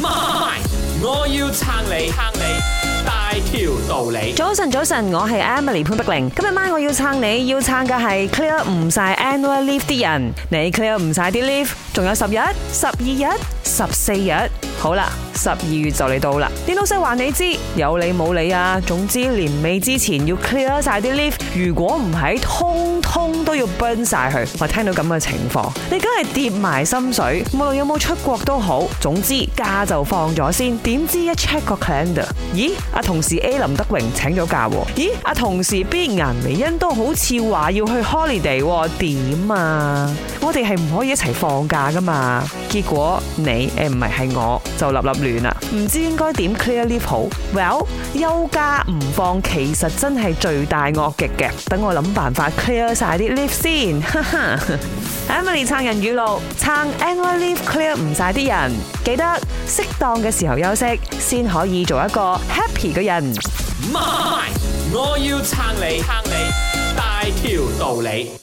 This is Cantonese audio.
媽咪，我要撐你，撐你大條道理。早晨，早晨，我係 Emily 潘碧玲。今日晚我要撐你，要撐嘅係 clear 唔晒 annual leave 啲人你不。你 clear 唔晒啲 leave，仲有十日、十二日、十四日，好啦。十二月就嚟到啦，電腦室話你知有理冇理啊。總之年尾之前要 clear 晒啲 leave，如果唔係，通通都要 burn 晒佢。我聽到咁嘅情況，你梗係跌埋心水。無論有冇出國都好，總之假就放咗先。點知一 check 個 calendar，咦？阿同事 A 林德榮請咗假喎。咦？阿同事 B 顏美欣都好似話要去 holiday，點啊？我哋係唔可以一齊放假噶嘛？結果你誒唔係，係我就立立亂，亂。唔知應該點 clear leave 好？Well，休假唔放其實真係罪大惡極嘅。等我諗辦法 clear 晒啲 leave 先。Emily 撐人語錄：撐 any leave clear 唔晒啲人，記得適當嘅時候休息，先可以做一個 happy 嘅人。媽咪，我要撐你，撐你大條道理。